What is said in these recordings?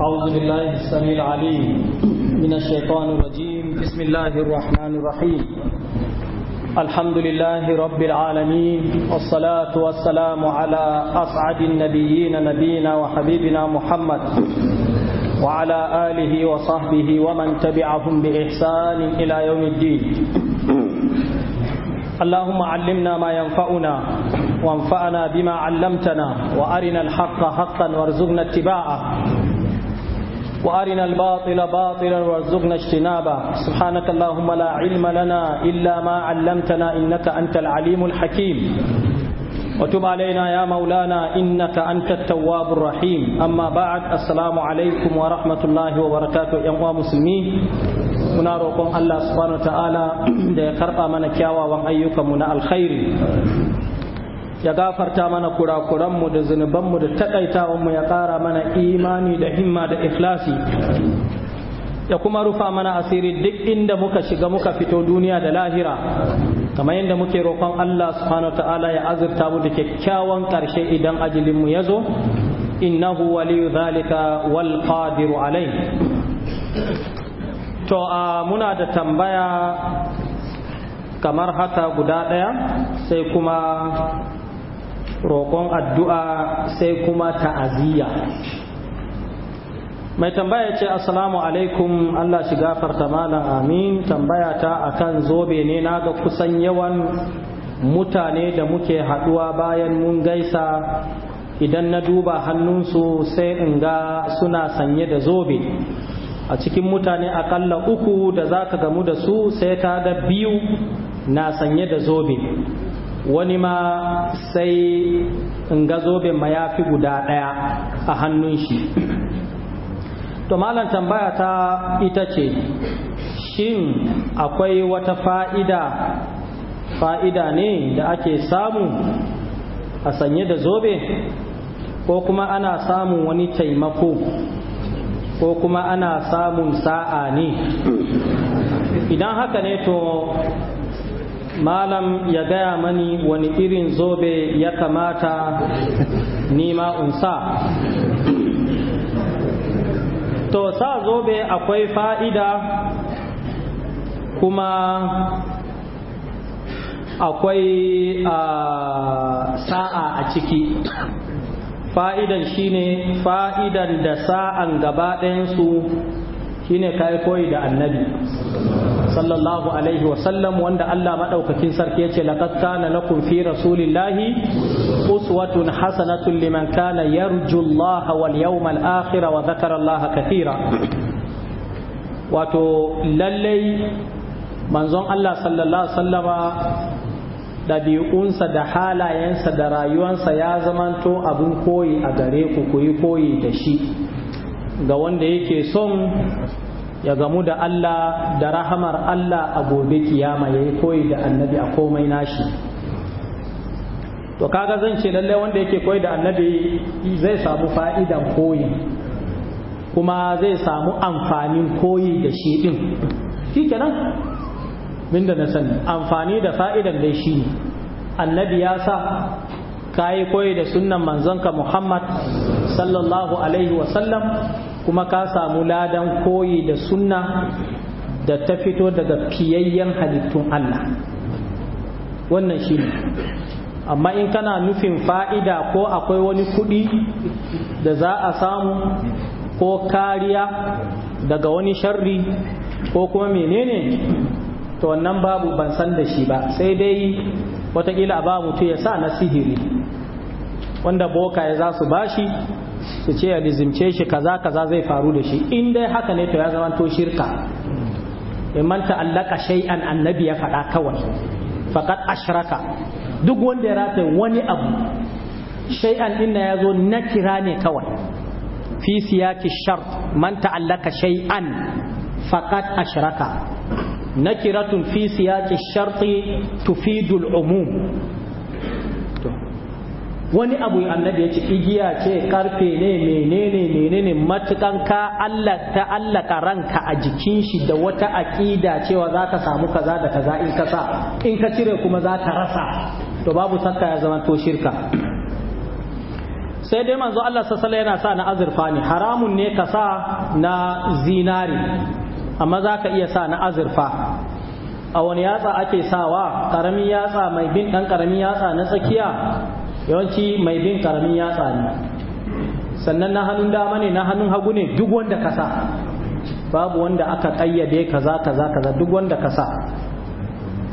أعوذ بالله السميع العليم من الشيطان الرجيم بسم الله الرحمن الرحيم الحمد لله رب العالمين والصلاة والسلام على أسعد النبيين نبينا وحبيبنا محمد وعلى آله وصحبه ومن تبعهم بإحسان إلى يوم الدين اللهم علمنا ما ينفعنا وانفعنا بما علمتنا وارنا الحق حقا وارزقنا اتباعه وأرنا الباطل باطلا وارزقنا اجتنابه سبحانك اللهم لا علم لنا إلا ما علمتنا إنك أنت العليم الحكيم وتب علينا يا مولانا إنك أنت التواب الرحيم أما بعد السلام عليكم ورحمة الله وبركاته يا مسلمين muna roƙon Allah subhanahu ta'ala da ya karɓa mana kyawawan ayyukanmu na alkhairi ya gafarta mana kurakuranmu da zunubanmu da takaitawanmu ya kara mana imani da himma da ikhlasi ya kuma rufa mana asiri duk inda muka shiga muka fito duniya da lahira kamar yadda muke roƙon Allah subhanahu wa ta'ala ya azurta mu da kyakkyawan ƙarshe idan ajilinmu ya zo innahu waliyu zalika wal qadiru alai to a muna da tambaya kamar haka guda ɗaya sai kuma roƙon addu'a sai kuma ta'aziyya mai tambaya ce asalamu alaikum Allah shi gafarta malam amin tambaya ta akan zobe ne Na ga kusan yawan mutane da muke haɗuwa bayan mun gaisa idan na duba hannunsu sai in ga suna sanye da zobe a cikin mutane akalla uku da za ka gamu da su sai ta ga biyu na sanye da zobe wani ma sai in ga zobe ma ya fi guda ɗaya a hannun shi to malam tambaya ta ita ce shin akwai wata fa'ida fa'ida ne da ake samu a sanye da zobe ko kuma ana samun wani taimako ko kuma ana samun sa'a ne idan haka ne to malam ya gaya mani wani irin zobe ya kamata nima sa to sa zobe akwai fa'ida kuma akwai sa'a a ciki fa'idan shine fa'idan da sa'an gaba ɗayansu shine kai koyi da annabi sallallahu alaihi wa sallam wanda Allah madaukakin sarki yace laqad kana lakum fi rasulillahi uswatun hasanatun liman kana yarju Allah wal yawmal akhir wa dhakara Allah kathira wato lallai manzon Allah sallallahu alaihi wasallama ɗabi'unsa da halayensa da rayuwansa ya zamanto abin koyi a gare ku ku yi koyi da shi ga wanda yake son ya gamu da Allah da rahamar Allah a gobe kiyama ya yi koyi da annabi a komai nashi to kaga zan ce lallai wanda yake koyi da annabi zai samu fa'idan koyi kuma zai samu amfanin koyi da shi ɗin shi kenan min da na sani amfani da fa'idan dai shi annabi ya sa kayi koyi da sunnan manzonka Muhammad sallallahu alaihi wasallam kuma ka samu ladan koyi da sunna da ta fito daga fiyayyen halittun Allah wannan shi ne amma in kana nufin fa'ida ko akwai wani kuɗi da za a samu ko kariya daga wani sharri ko kuma menene to wannan babu ban san da shi ba sai dai watakila ba mutu ya sa na sihiri wanda bokaye za su bashi su ce ya lizimce shi kaza kaza zai faru da shi in dai haka ne to ya zama to shirka in man ta'allaka shay'an annabi ya faɗa kawai faqad ashraka duk wanda ya rataye wani abu shay'an din ya zo na kira ne kawai fi siyaki shart man ta'allaka shay'an faqad ashraka nakiratun fi siyaki sharti tufidul umum wani abu annabi ya ce igiya ce karfe ne menene menene matukan ka Allah ta allaka ranka a jikin shi da wata aqida cewa za ka samu kaza da kaza in ka sa in ka cire kuma za ka rasa to babu sakka ya zama to shirka sai dai manzo Allah sallallahu yana sa na azurfa ne haramun ne ka sa na zinari amma za ka iya sa na azurfa a wani yatsa ake sawa karamin yatsa mai bin dan karamin yatsa na tsakiya yawanci mai bin karamin yatsa ne sannan na hannun dama ne na hannun hagu ne duk wanda ka sa babu wanda aka kayyade kaza kaza kaza duk wanda ka sa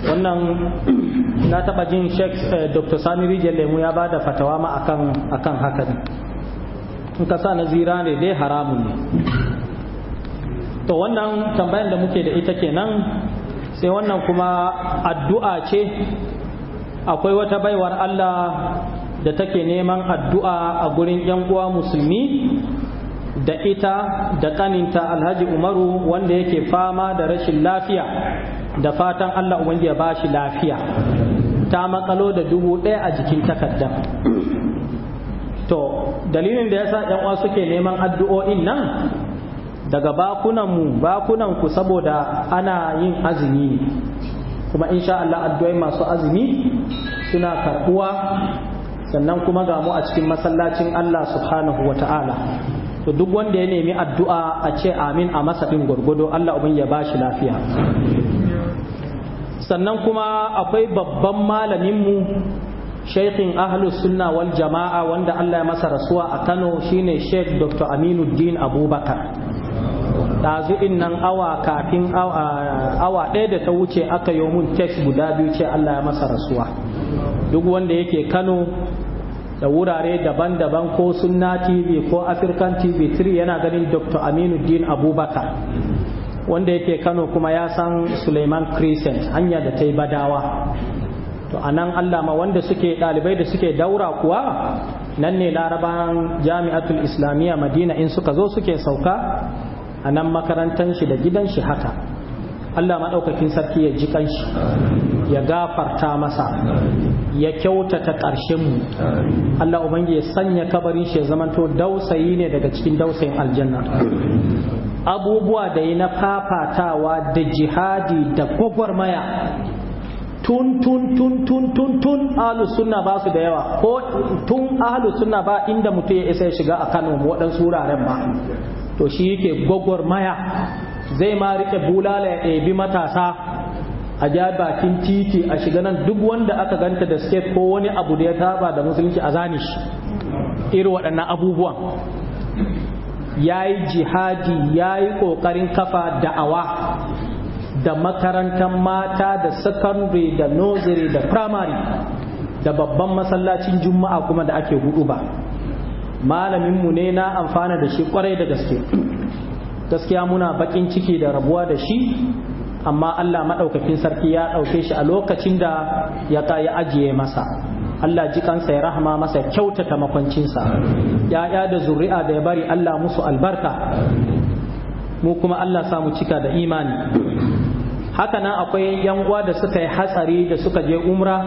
wannan na taba jin sheikh eh, dr sani rijiyar lemu ya bada fatawa ma akan akan haka ne in ka sa na zira ne dai haramun ne to wannan tambayar da muke da ita kenan sai wannan kuma addu'a ce akwai wata baiwar Allah da take neman addu'a a gurin ‘yan uwa musulmi da ita da ƙaninta alhaji umaru wanda yake fama da rashin lafiya da fatan Allah Ubangiji ya bashi lafiya ta matsalo da dubu ɗaya a jikin takardar to dalilin da yasa ‘yan uwa suke neman addu'o'in nan daga bakunan bakunanmu bakunanku saboda ana yin azumi kuma insha Allah addu'ai masu azumi suna karɓuwa sannan kuma ga mu a cikin masallacin Allah subhanahu wa ta'ala to duk wanda ya nemi addu'a a ce amin a masa ɗin gwargwado Allah ubin ya bashi lafiya sannan kuma akwai babban malaminmu shaikhin ahlus sunna wal jama'a wanda Allah ya masa rasuwa a Kano shine Sheikh Dr. Aminuddin Abubakar ɗazu nan awa kafin awa ɗaya da ta wuce aka yi mun test guda biyu ce Allah ya masa rasuwa duk wanda yake kano da wurare daban-daban ko sunna tv ko african tv 3 yana ganin dr Aminu din abubakar wanda yake kano kuma ya san suleiman crescent hanya da ta yi badawa to a nan allama wanda suke ɗalibai da suke daura kuwa nan ne laraban jami'atul islamiyya madina in suka zo suke sauka a nan makarantar shi da gidan shi haka allah ɗaukakin sarki ya ji kanshi ya gafarta masa ya kyautata ƙarshenmu Allah ubangi ya sanya kabarin shi ya zamanto dausayi ne daga cikin dausayin aljanna abubuwa da yi na fafatawa da jihadi da gwagwarmaya tun tun tun tun tun tun ahlus sunna ba su da yawa ko tun ahlus sunna ba inda mutum ya isa ya shiga a Kano waɗansu wuraren ba to shi yake gwagwarmaya zai ma rike bulala ya ɗebi matasa a ja bakin titi a shiga nan duk wanda aka ganta da skate ko wani abu da ya taba da musulunci a zane shi irin waɗannan abubuwan ya yi jihadi ya yi ƙoƙarin kafa da'awa da makarantar mata da secondary da nursery da primary da babban masallacin juma'a kuma da ake huɗu ba malaminmu ne na amfana da shi kwarai da gaske gaskiya muna bakin ciki da rabuwa da shi amma Allah maɗaukakin sarki ya ɗauke shi a lokacin da ya ta ya ajiye masa Allah ji kansa ya rahama masa ya kyautata makwancinsa ya'ya da zuri'a da ya bari Allah musu albarka mu kuma Allah samu cika da imani haka nan akwai yan uwa da suka yi hatsari da suka je umra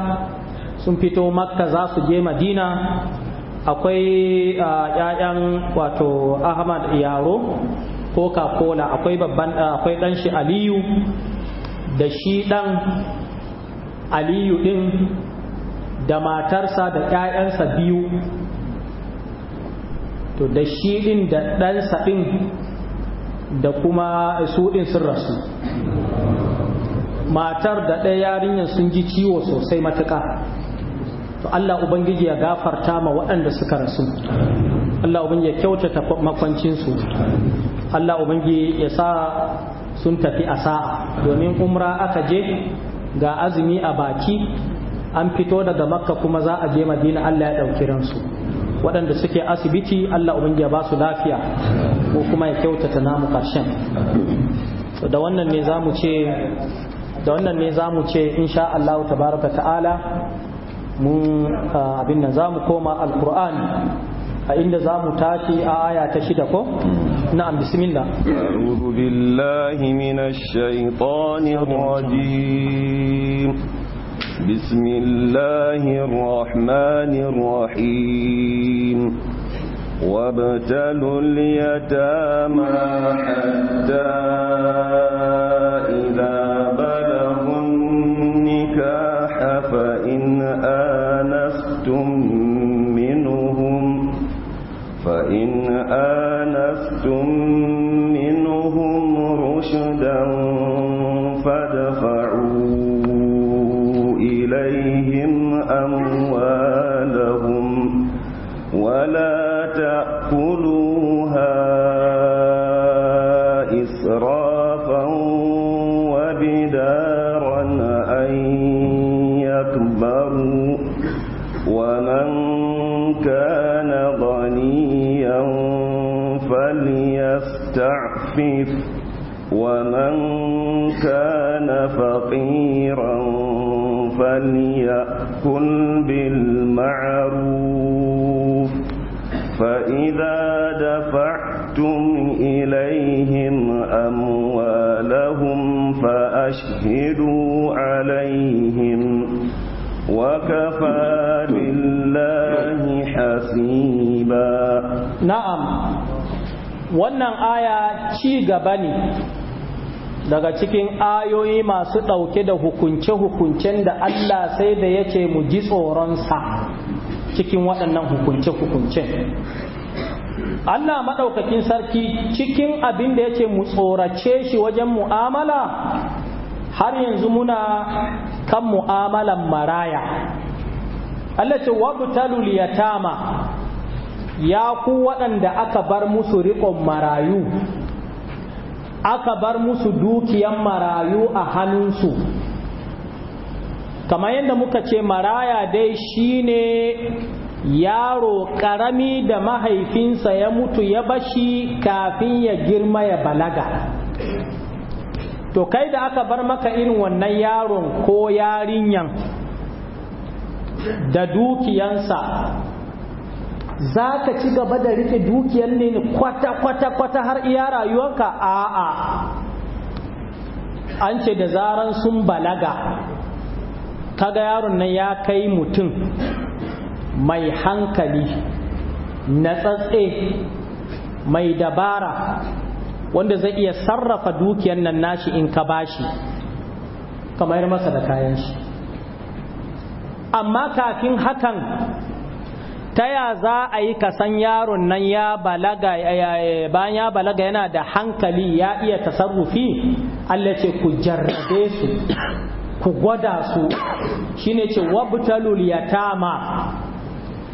sun fito makka za su je madina akwai ah, 'ya'yan wato ahmad yaro coca cola akwai babban eh, akwai dan shi aliyu da shi dan aliyu din da matarsa da ƴaƴansa biyu to da shi din da ɗansa din da kuma su din sun rasu matar da ɗaya yarinyar sun ji ciwo sosai matuƙa to Allah Ubangiji ya gafarta ma waɗanda suka rasu Allah ubangi ya kyautata makwancinsu Allah ubangi ya sa sun tafi a sa'a domin umra aka je ga azumi a baki an fito daga makka kuma za a je madina Allah ya ɗauki ransu waɗanda suke asibiti Allah ubangi ya ba su lafiya ko kuma ya kyautata namu ƙarshen da wannan ne za mu ce da wannan ne za mu ce insha Allah tabaraka ta'ala mun ah, abin nan za mu koma alkur'ani a inda za mu tashi a aya ta shida ko na'am bismillah a'udhu billahi minash shaitanir rajim bismillahir rahmanir rahim وابتلوا اليتامى حتى إذا منهم رشدا فدفعوا إليهم أموالهم ولا تأكلوا يخفف ومن كان فقيرا فليأكل بالمعروف فإذا دفعتم إليهم أموالهم فأشهدوا عليهم وكفى بالله حسيبا نعم wannan aya ci gaba ne daga cikin ayoyi masu ɗauke da hukunce-hukuncen da Allah sai da ya ce mu ji tsoronsa cikin waɗannan hukunce-hukuncen. Allah maɗaukakin sarki cikin abin da ya ce mu tsorace shi wajen mu'amala har yanzu muna kan mu'amalan maraya. Allah ce waɓutalul liyatama ya ku waɗanda aka bar musu riƙon marayu. aka bar musu dukiyan marayu a hannunsu kamar yadda muka ce maraya dai shine yaro karami da mahaifinsa ya mutu ya bashi kafin ya girma ya balaga to kai da aka bar maka irin wannan yaron ko yarinyan da dukiyansa za ka ci gaba da rike dukiyar ne kwata-kwata-kwata har iya rayuwarka a'a an ce da zaran sun balaga ga yaron nan ya kai mutum mai hankali na tsatse mai dabara wanda zai iya sarrafa dukiyar nan nashi in ka bashi kamar masa da kayan shi amma kafin hakan ta ya za a yi kasan yaron nan ya balaga bayan ya balaga yana da hankali ya iya tasarrufi Allah ce ku jarrabe su ku gwada su shine ce wabtalul yatama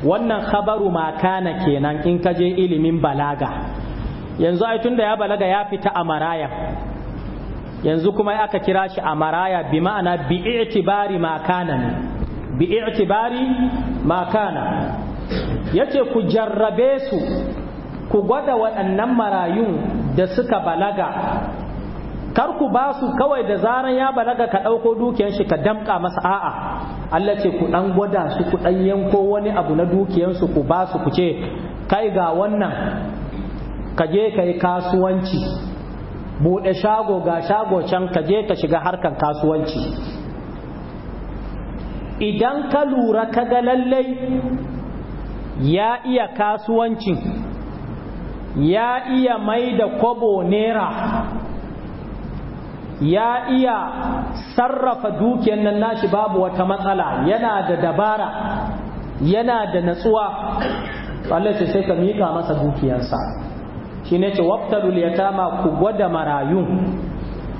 wannan khabaru makana kenan in ka je ilimin balaga yanzu ai tunda ya balaga ya fita a maraya yanzu kuma aka kira shi a maraya bi ma'ana bi i'tibari makana ne bi i'tibari makana yace ku jarrabe su ku gwada waɗannan marayun da suka balaga kar ku ba su kawai da zaran ya balaga ka ɗauko dukiyar shi ka damƙa masa a'a Allah ce ku ɗan gwada su ku ɗan yanko wani abu na dukiyansu ku ba su ku ce kai ga wannan ka je ka yi kasuwanci buɗe shago ga shago can ka je ka shiga harkan kasuwanci idan ka lura ka ga lallai ya iya kasuwancin ya iya mai da kwabo nera ya iya sarrafa dukiyar nan nashi babu wata matsala yana da dabara yana da natsuwa Allah ce sai ka mika masa dukiyarsa shi ne ce waftarul yatama ku gwada marayun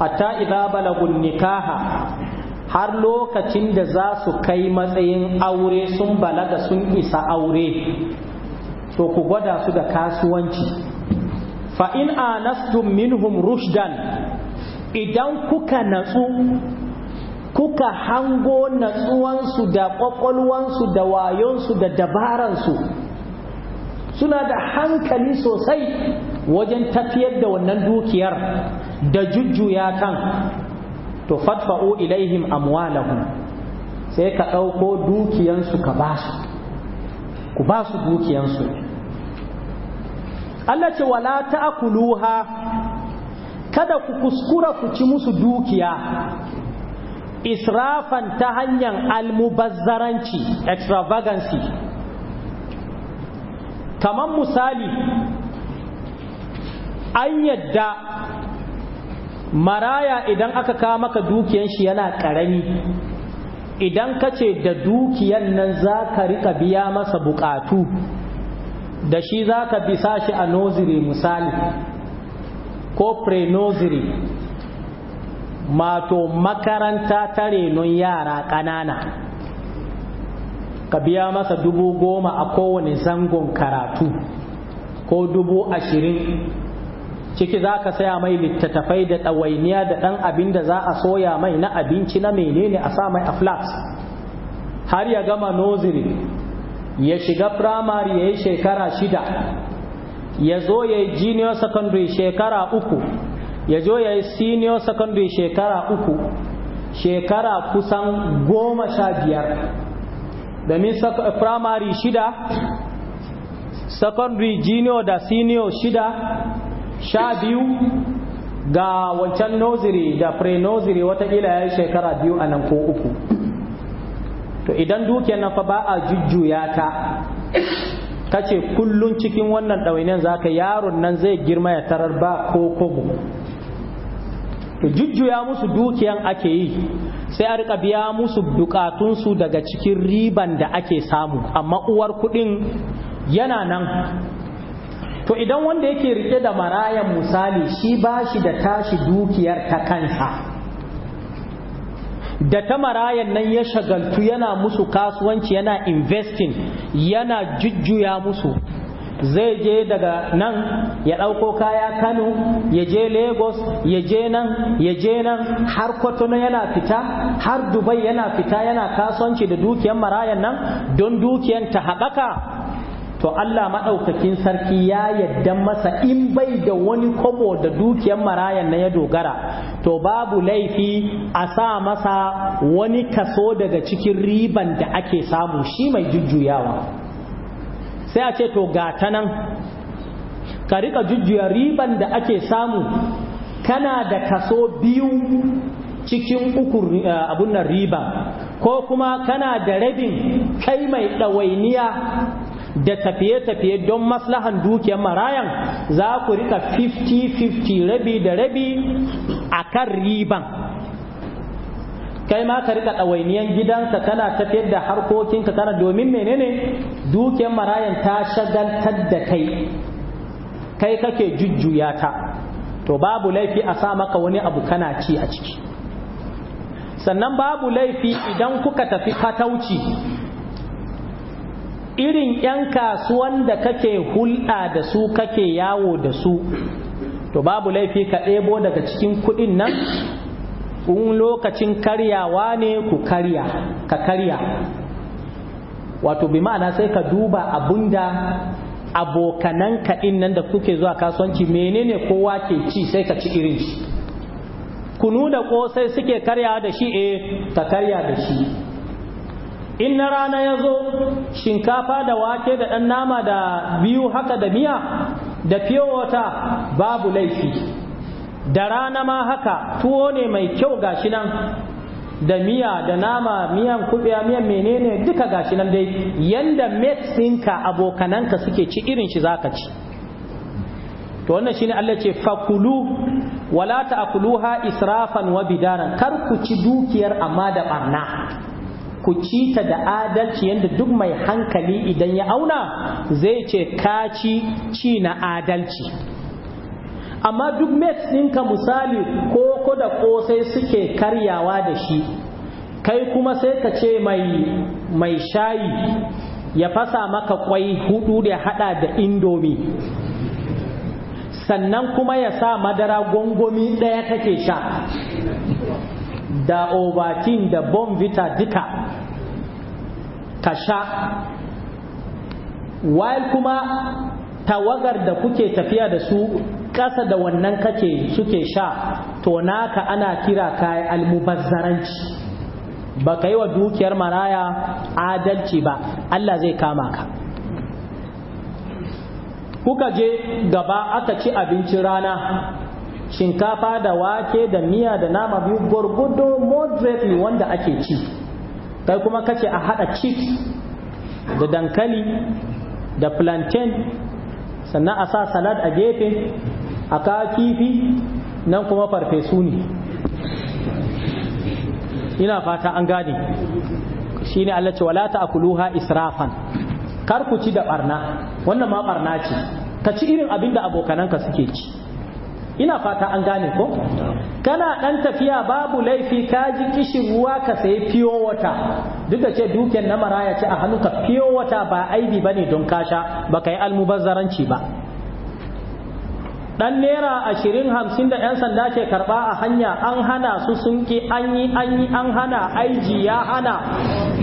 hatta idza balagun nikaha har lokacin da za su kai matsayin aure sun balaga sun isa aure to ku gwada su da kasuwanci fa in anastum minhum rushdan idan kuka natsu kuka hango natsuwansu da ƙwaƙwalwansu da wayonsu da dabaransu suna da hankali sosai wajen tafiyar da wannan dukiyar da jujjuya kan to fadfa'u ilaihim amwalahum sai ka ɗauko dukiyansu ka basu su ku ba su dukiyansu Allah ce wala ta'kuluha kada ku kuskura ku ci musu dukiya israfan ta hanyar almubazzaranci extravagancy kaman misali an yadda maraya idan aka kawo maka dukiyan shi yana ƙarami idan kace da dukiyan nan za ka riƙa biya masa buƙatu da shi za ka bisa shi a noziri misali ko pre-noziri mato makaranta ta renon yara ƙanana ka biya masa dubu goma a kowane zangon karatu ko dubu ashirin ciki za ka saya mai littattafai da ɗawainiya da ɗan abin da za a soya mai na abinci na menene a sa mai a flax har ya gama noziri ya shiga firamare ya yi shekara shida ya zo ya yi junior secondary shekara uku ya zo ya yi senior secondary shekara uku shekara kusan goma sha biyar domin firamare shida secondary junior da senior shida sha biyu ga wancan noziri da pre-noziri watakila ya yi shekara biyu a nan ko uku to idan dukiyar nan fa ba a jujjuya ta ce kullum cikin wannan ɗawainiyar zaka yaron nan zai girma ya tarar ba ko kogo. to jujjuya musu dukiyan ake yi sai a riƙa biya musu bukatunsu daga cikin riban da ake samu amma uwar kuɗin yana nan to idan wanda yake rike da marayan misali shi ba shi da tashi dukiyar ta kansa da ta marayan nan ya shagaltu yana musu kasuwanci yana investing yana jujjuya musu zai je daga nan ya ɗauko kaya kano ya je lagos ya je nan ya je nan har kwatano yana fita har dubai yana fita yana kasuwanci da dukiyan marayan nan don dukiyan ta haɓaka to Allah maɗaukakin sarki ya yadda masa in bai da wani kobo da dukiyar marayan na ya dogara to babu laifi a sa masa wani kaso daga cikin riban da ake samu shi mai jujjuyawa sai a ce to gata nan ka riƙa jujjuya riban da ake samu kana da kaso biyu cikin uku eh, abunan riba ko kuma kana da rabin kai mai ɗawainiya da tafiye-tafiye don maslahan dukiyar marayan za ku rika 50-50 rabi da rabi a kan riban kai ma ka rika ɗawainiyar gidanka kana tafiyar da harkokinka kana domin menene dukiyar marayan ta shagaltar da kai kai kake jujjuya ta to babu laifi a sa maka wani abu kana ci a ciki sannan babu laifi idan kuka tafi fatauci irin 'yan kasuwan da kake hulɗa da su kake yawo da su to babu laifi ka ɗebo daga cikin kuɗin nan in lokacin karyawa ne ku karya ka karya wato bi ma'ana sai ka duba abunda abokanan kaɗin nan da kuke zuwa kasuwanci menene kowa ke ci sai ka ci irin shi kunu da ƙosai suke karyawa da shi eh ka karya da shi in na rana ya zo shinkafa da wake da ɗan nama da biyu haka da miya da wata babu laifi da rana ma haka tuwo ne mai kyau gashi nan da miya da nama miyan kuɓewa miyan menene duka gashi nan dai yanda mates ɗinka abokananka suke ci irin shi zaka ci to wannan shine Allah ce fakulu wala ta'kuluha israfan wa bidaran kar ku ci dukiyar amma da barna ku ci ta da adalci yadda duk mai hankali idan ya auna zai ce ka ci ci na adalci amma duk mets ɗinka misali ko ko da kosai suke karyawa da shi kai kuma sai ka ce mai mai shayi ya fasa maka kwai hudu da hada da indomi sannan kuma ya sa madara gongomi ɗaya take sha da obatin da bomvita duka ka sha while kuma tawagar da kuke tafiya da su ƙasa da wannan kake suke sha to naka ana kira kayan almubazzaranci ba ka yi wa dukiyar maraya adalci ba Allah zai kama ka kuka je gaba aka ci abincin rana shinkafa da wake da miya da nama biyu gwargwado moderately wanda ake ci kai kuma kace a haɗa chips da dankali da plantain sannan a sa salad a gefe a kawo kifi nan kuma farfesu ne ina fata an gane shi ne Allah ce wala ta'kuluha israfan kar ku ci da barna wannan ma barna ce ka ci irin abinda abokananka suke ci ina fata an gane ko kana dan tafiya babu laifi ka ji kishin ruwa ka sayi fiyo wata duk da ce duken na maraya ce a hannunka fiyo wata ba aibi bane don kasha ba ka yi almubazzaranci ba dan naira ashirin hamsin da yan sanda ke karba a hanya an hana su sun ki an yi an yi an hana aiji ya hana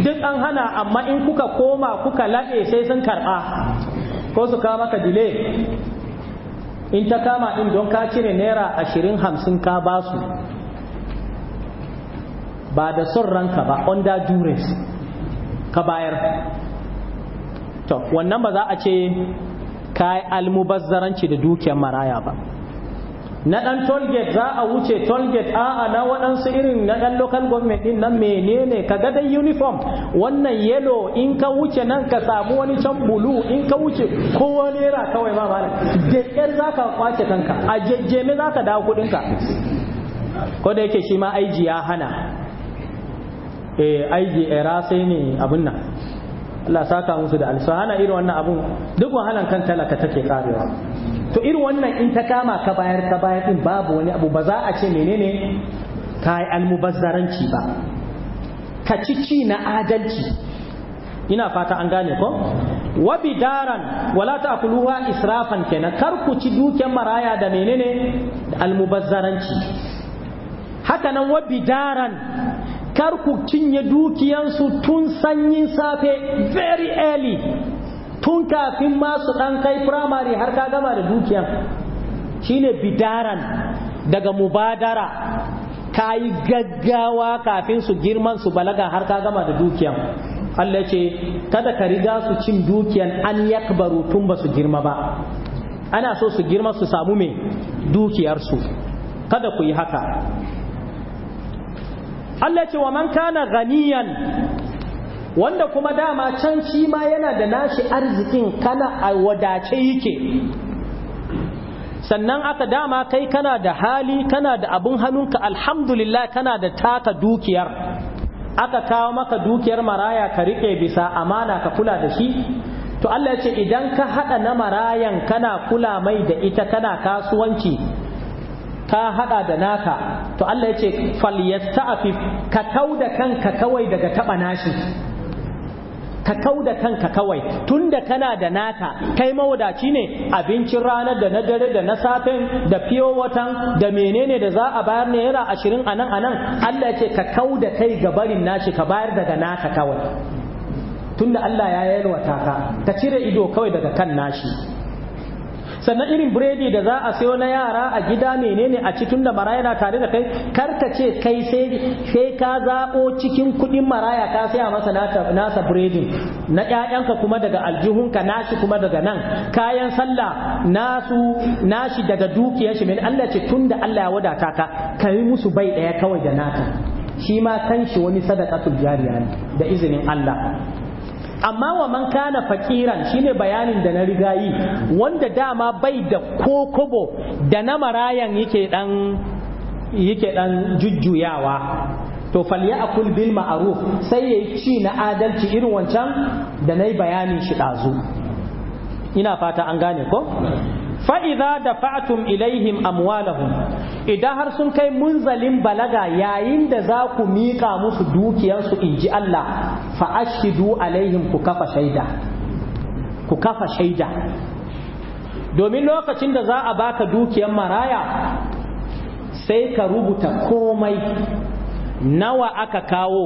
duk an hana amma in kuka koma kuka laɓe sai sun karba ko su kawo maka delay in ta kama ɗin don ka cire naira ashirin hamsin ka ba su ba da son ranka ba under duress ka bayar to wannan ba za a ce ka yi almubazzaranci da dukiyar maraya ba na ɗan tolgate za a wuce tolgate a'a na waɗansu irin na ɗan local government ɗin nan menene ka ga dai uniform wannan yellow in ka wuce nan ka samu wani can bulu in ka wuce kowa naira kawai ma malam da ƙyar za ka kwace kanka a jejjeme za ka dawo kuɗinka ko da yake shi ma aiji ya hana eh aiji era sai ne abin nan Allah saka musu da alfahana hana irin wannan abun duk wahalan kan talaka take karewa to irin wannan in ta kama ka bayar ka bayar din babu wani abu ba za a ce menene ka yi almubazzaranci ba ka ci ci na adalci ina fata an gane ko wa bidaran wala ta'kuluha israfan kenan kar ku ci duken maraya da menene almubazzaranci haka nan wa bidaran kar ku cinye dukiyansu tun sanyin safe very early tun kafin masu ɗan kai firamare har ka gama da dukiyan shine bidaran daga mubadara ka yi gaggawa kafin su girman su balaga har ka gama da dukiyan Allah ce kada ka riga su cin dukiyan an yakbaru tun ba su girma ba ana so su girma su samu mai dukiyarsu kada ku yi haka Allah ce wa man kana ganiyan wanda kuma dama can shi ma yana da nashi arzikin kana a wadace yake sannan aka dama kai kana da hali kana da abun hannunka alhamdulillah kana da taka dukiyar aka kawo maka dukiyar maraya ka riƙe bisa amana ka kula da shi to Allah ce idan ka haɗa na marayan kana kula mai da ita kana kasuwanci ta hada da naka to Allah ya ce falyasta'afif ka kauda kanka kawai daga taba nashi ka kau da kanka kawai tunda kana da naka kai mawadaci ne abincin ranar da na dare da na safen da fiyo watan da menene da za a bayar naira ashirin a nan a nan Allah yace ka kau da kai ga barin nashi ka bayar daga naka kawai tunda Allah ya yalwata ka ka cire ido kawai daga kan nashi sannan irin biredi da za a sayo na yara a gida menene a cikin da maraya na tare da kai karka ce kai sai ka zaɓo cikin kuɗin maraya ka saya masa nasa biredin na ƴaƴanka kuma daga aljihunka nashi kuma daga nan kayan sallah nasu nashi daga dukiyar shi min Allah ce tunda Allah ya wadata ka kai musu bai ɗaya kawai da naka shi ma kanshi wani sadaqatul jariya ne da izinin Allah amma wa man kana fakiran shine bayanin da na riga yi wanda dama bai da kokobo da na marayan yake dan yake dan jujjuyawa to falyakul bil ma'ruf sai yayi ci na adalci irin wancan da nayi bayanin shi dazu ina fata an gane ko fa'iza da fa'atum ilaihim amwalahum idan har sun kai munzalin balaga yayin da za ku miƙa musu dukiyarsu in ji Allah fa'ashidu alaihim ku kafa shaida ku kafa shaida domin lokacin da za a baka dukiyar maraya sai ka rubuta komai nawa aka kawo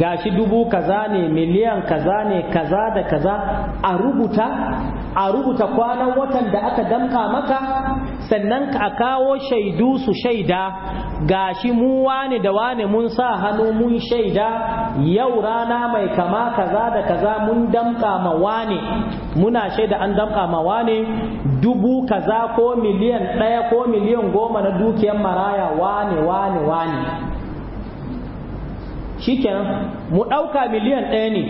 gashi dubu kaza ne miliyan kaza ne kaza da kaza a rubuta a rubuta kwanan watan da aka damka maka sannan a kawo shaidu su shaida gashi mu wane da wane mun sa hannu mun shaida yau rana mai kama kaza da kaza mun damka ma wane muna shaida an damka ma wane dubu kaza ko miliyan ɗaya ko miliyan goma na dukiyar maraya wane wane wane shikenan mu ɗauka miliyan ɗaya ne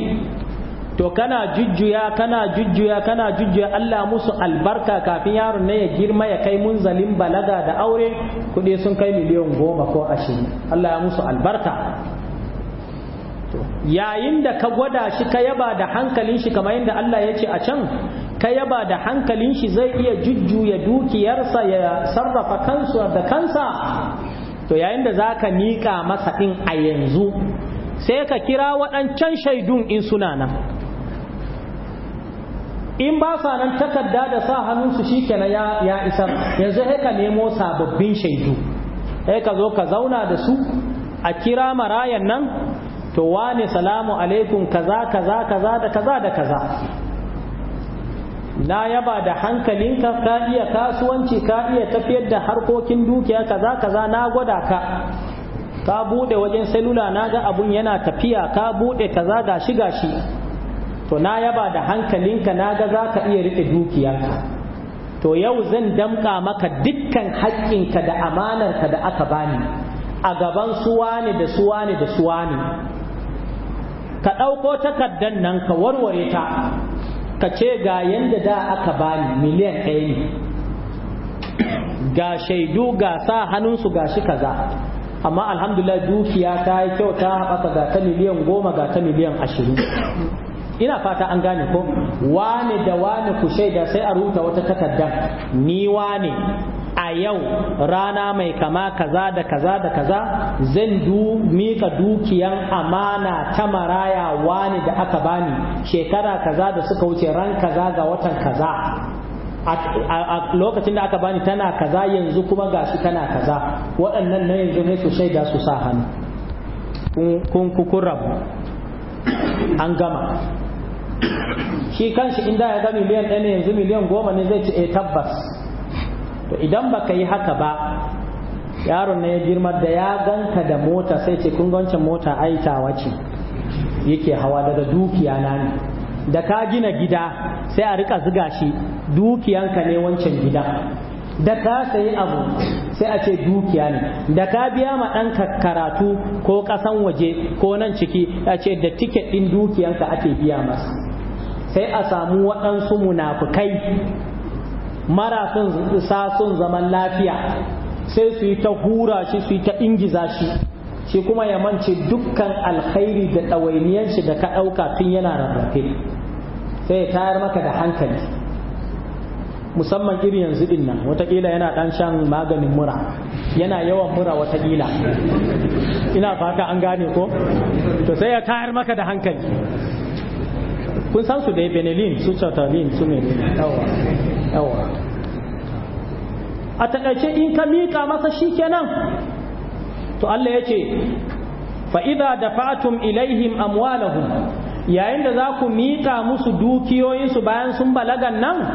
to kana jujjuya kana jujjuya kana jujjuya Allah musu albarka kafin yaron ne ya girma ya kai munzalin balaga da aure kuɗi sun kai miliyan goma ko ashirin Allah ya musu albarka yayin da ka gwada shi ka yaba da hankalin shi kamar yadda Allah ya ce a can ka yaba da hankalin shi zai iya jujjuya dukiyarsa ya sarrafa kansu da kansa to yayin da za ka niƙa masa ɗin a yanzu sai ka kira waɗancan shaidun in suna nan in ba sa nan takarda da sa hannunsu shi kenan ya, ya isar yanzu haika nemo sababbin shaidu Sai ka zo ka zauna da su a kira marayan nan to wane salamu alaikum kaza kaza kaza da kaza da kaza na yaba da hankalinka ka iya kasuwanci ka iya tafiyar da harkokin dukiya kaza kaza na gwada ka ka bude wajen selula na ga abun yana tafiya ka bude kaza gashi gashi to na yaba da hankalinka na ga za ka iya riƙe dukiyarka to yau zan damƙa maka dukkan haƙƙinka da amanarka da aka bani a gaban suwane da suwane da suwane ka ɗauko takardar nan ka warware ta ka ce ga yadda da aka bani miliyan ɗaya ne ga shaidu ga sa hannunsu ga shi kaza amma alhamdulillah dukiya ta yi kyau ta haɓaka ga ta miliyan goma ga ta miliyan ashirin ina fata an gane ko wane da wane ku shaida sai a rubuta wata takardar ni wane a yau rana mai kama kaza da kaza da kaza zan du mika dukiyan amana ta maraya wani da aka bani shekara kaza da suka wuce ran kaza ga watan kaza a lokacin da aka bani tana kaza yanzu kuma ga gashi tana kaza waɗannan na yanzu ne su shaida su sa hannu kun rabu an gama shi kanshi inda ya ga miliyan ɗaya ne yanzu miliyan goma ne zai ci eh tabbas to idan baka yi haka ba yaron na ya girma da ya ganka da mota sai ce kun mota aitawa ce yake hawa daga dukiya na ne da ka gina gida sai a rika ziga shi dukiyanka ne wancan gida da ka sayi abu sai a ce dukiya ne da ka biya ma ɗanka karatu ko ƙasan waje ko nan ciki a ce da tiket ɗin dukiyanka ake biya masa sai a samu waɗansu munafukai marasun sasun zaman lafiya sai su yi ta hura shi su yi ta ingiza shi shi kuma ya mance dukkan alkhairi da ɗawainiyar shi da ka ɗauka tun yana rarrafe sai ya tayar maka da hankali musamman iri yanzu din nan watakila yana ɗan shan maganin mura yana yawan mura watakila ina fata an gane ko to sai ya tayar maka da hankali kun san su da benelin su chatalin su ne yawa a taƙaice in ka miƙa masa shi kenan to Allah ya ce fa'iza da fa'atun ilaihim amwalahum yayin da za ku mika musu dukiyoyinsu bayan sun balagan nan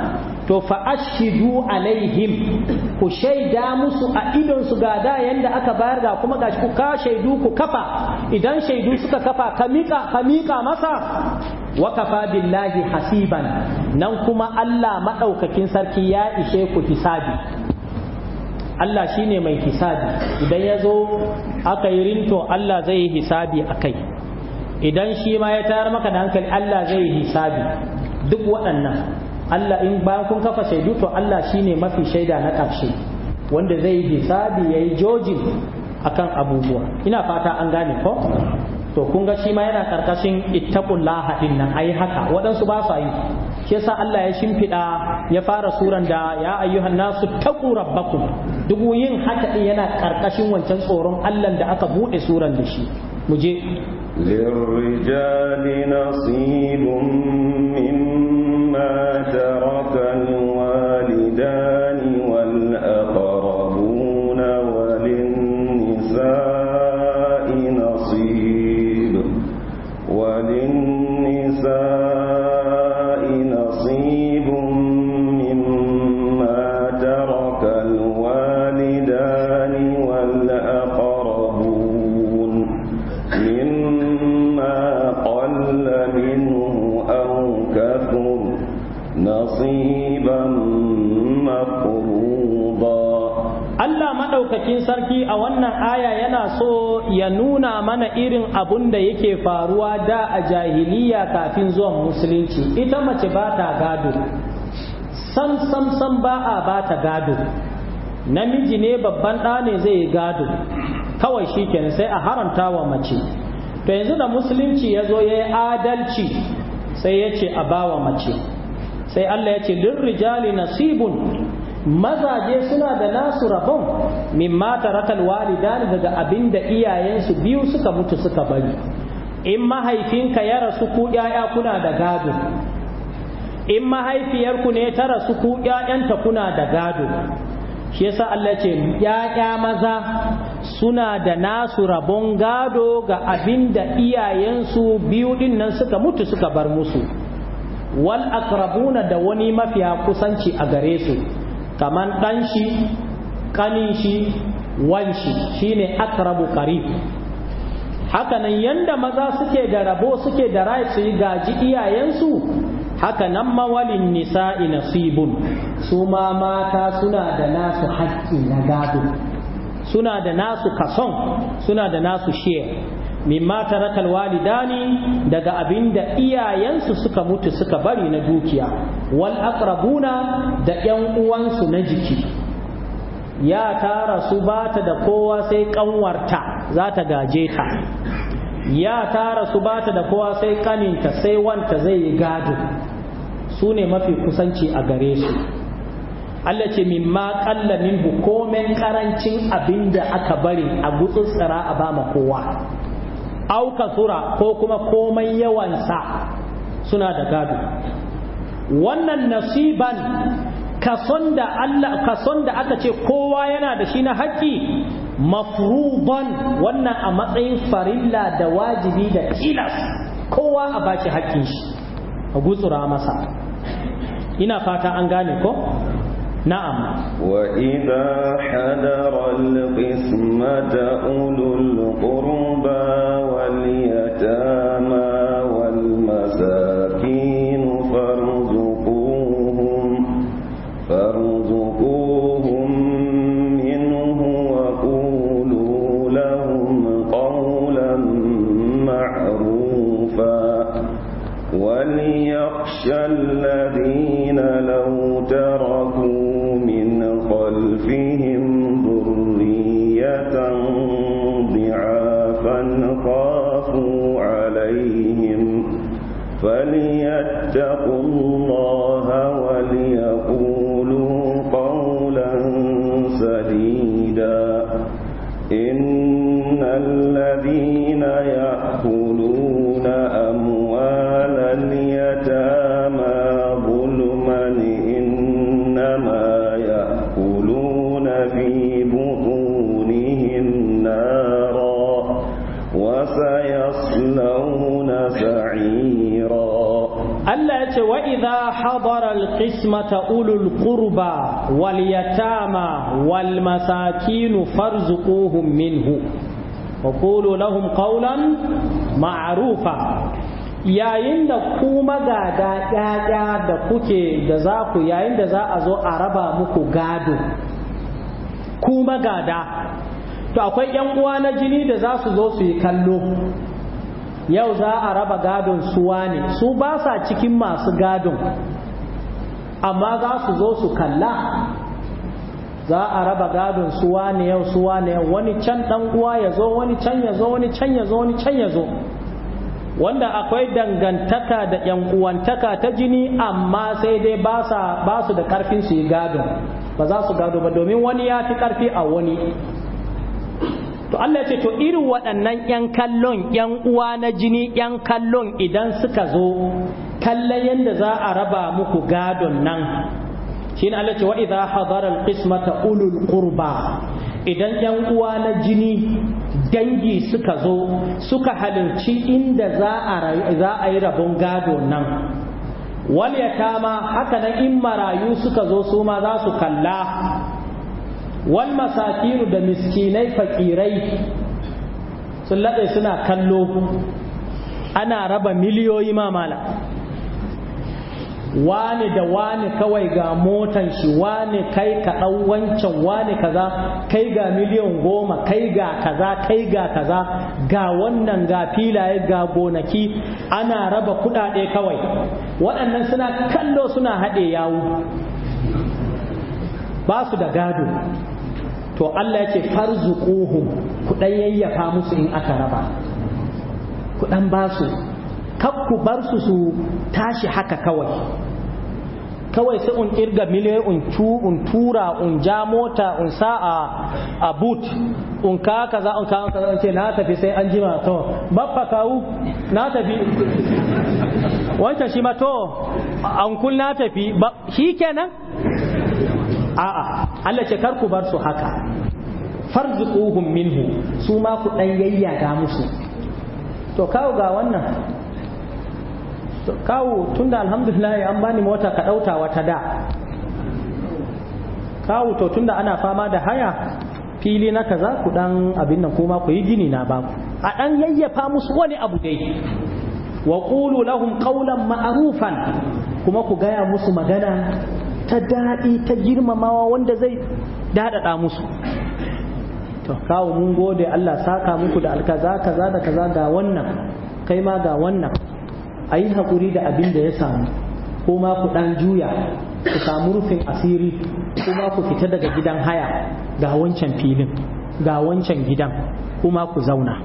to ashidu alaihim ku shaida musu a idonsu ga da yanda aka bayar ga kuma gashi ku ka shaidu ku kafa idan shaidu suka kafa ka miƙa ka mika masa wa kafa billahi hasiban nan kuma Allah madaukakin sarki ya ishe ku hisabi Allah shine mai hisabi idan ya zo aka yi rinto Allah zai yi hisabi akai idan shi ma ya tayar maka da hankali Allah zai yi hisabi duk waɗannan Allah in bayan kun kafa shaidu to Allah shine mafi shaida na ƙarshe wanda zai yi hisabi ya yi jojin akan abubuwa ina fata an gane ko to kun ga shi ma yana karkashin ittaqullaha lahaɗin nan ai haka waɗansu ba sa yi shi sa Allah ya shimfiɗa ya fara suran da ya ayyuhan nasu taqu rabbakum duk yin haka din yana ƙarƙashin wancan tsoron Allah da aka buɗe suran da shi mu je للرجال نصيب مما ترك الوالدين a wannan aya yana so ya nuna mana irin abun da yake faruwa da a jahiliya kafin zuwan musulunci ita mace ba ta gado sam sam sam ba a ba ta gado namiji ne babban ɗa ne zai gado kawai shi kenan sai a haramta wa mace to yanzu da musulunci ya zo ya yi adalci sai ya ce a bawa mace sai Allah ya ce lirrijali nasibun mazaje suna da nasu rabon mata rakal walidan daga abin da iyayensu biyu suka mutu suka bari in mahaifinka ya rasu ku ƴaƴa kuna da gado in mahaifiyarku ne ta rasu ku ƴaƴanta kuna da gado shi yasa Allah ce ƴaƴa maza suna da nasu rabon gado ga abin da iyayensu biyu din nan suka mutu suka bar musu wal aqrabuna da wani mafiya kusanci a gare su kaman ɗan shi ƙanin shi wan shi shine akrabu qarib hakanan yanda maza suke da rabo suke da rai su yi gaji iyayensu hakanan mawalin nisa'i nasibun su ma mata suna da nasu haƙƙi na gado suna da nasu kason suna da nasu share mimma taraka alwalidani daga abinda iyayensu suka mutu suka bari na dukiya wal aqrabuna da yan uwansu na jiki ya tara su bata da kowa sai kanwarta za ta gaje ta ya tara su bata da kowa sai kaninta sai wanta zai yi gado su ne mafi kusanci a gare su Allah ce min ma min bu komen ƙarancin abinda aka bari a gutsutsara a bama kowa auka sura ko kuma komai yawansa suna da gado wannan nasiban kason da Allah kason da aka ce kowa yana da shi na haƙƙi mafruban wannan a matsayin farilla da wajibi da tilas kowa a baki haƙƙin shi a gutsura masa ina fata an gane ko نعم وإذا حضر القسمة أولو القربى واليتامى والمساكين فارزقوهم فارزقوهم منه وقولوا لهم قولا معروفا وليخشى الذين واتقوا wa idha hadara alqismata ulul qurba wal yatama wal masakin farzuquhum minhu wa qulu lahum qawlan yayin da ku magada ɗaya da kuke da zaku yayin da za a zo a raba muku gado ku magada to akwai yan uwa na jini da za su zo suyi yi kallo yau za a raba gadon suwa ne su ba sa cikin masu gadon amma za su zo su kalla za a raba gadon suwa ne yau suwa ne wani can dan uwa ya zo wani can ya zo wani can ya zo wani can ya zo wanda akwai dangantaka da yan uwantaka ta jini amma sai dai ba sa ba su da karfin su yi gadon ba za su gado ba domin wani ya fi karfi a wani to Allah ce to irin waɗannan 'yan kallon 'yan uwa na jini 'yan kallon idan suka zo kallon yadda za a raba muku gadon nan shine Allah ce wa idza hadara alqismata ulul qurba idan 'yan uwa na jini dangi suka zo suka halarci inda za a yi rabon gado nan wal yatama haka nan in marayu suka zo su ma za su kalla wal masakinu da miskinai fakirai sun laɗe suna kallo ana raba miliyoyi mamala wani da wani kawai ga motan shi wani kai ka wancan wani kaza kai ga miliyan goma kai ga kaza kai ga kaza ga wannan ga filaye ga gonaki ana raba kuɗaɗe kawai waɗannan suna kallo suna haɗe yawo ba su da gado to Allah ya farzu farzuquhum ku dan yayyafa musu in aka raba ku dan ba su ku bar su su tashi haka kawai kawai sai un kirga mile un tu un tura un ja mota un sa'a a boot un ka kaza un ka kaza ce na tafi sai an jima to baffa kawu na tafi wancan shi ma to an kul na tafi shi kenan a'a Allah ce kar ku bar su haka farzuquhum minhu su ma ku dan yayyada musu to kawo ga wannan kawo tunda alhamdulillah an bani mota ka dauta wata da kawo to tunda ana fama da haya fili na kaza ku dan abin nan kuma ku yi gini na ba a dan yayyafa musu wani abu dai wa qulu lahum qawlan ma'rufan kuma ku gaya musu magana ta daɗi ta girmamawa wanda zai daɗaɗa musu to kawo mun gode Allah saka muku da alkaza kaza da kaza ga wannan kai ma ga wannan a yi haƙuri da abin da ya samu ko ma ku ɗan juya ku samu rufin asiri kuma ku fita daga gidan haya ga wancan filin ga wancan gidan kuma ku zauna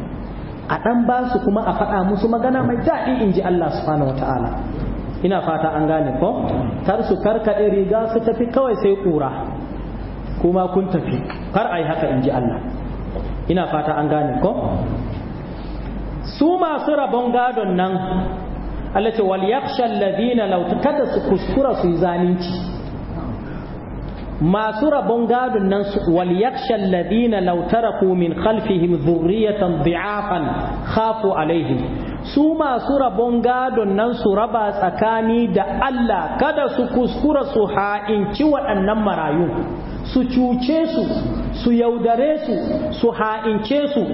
a ɗan ba su kuma a faɗa musu magana mai daɗi in ji Allah subhanahu wa ta'ala ina fata an gane ko kar su karkaɗe riga su tafi kawai sai ƙura kuma kun tafi kar a haka in ji Allah ina fata an gane ko su masu rabon gadon nan Allah ce wal yakhsha alladhina law kada su kuskura su yi zalunci masu rabon gadon nan wal yakhsha alladhina law taraku min khalfihim dhurriyatan dha'afan khafu alaihim su masu rabon gadon nan su raba tsakani da Allah kada su kuskura su ha'inci waɗannan marayu su cuce su su yaudare su su ha'ince su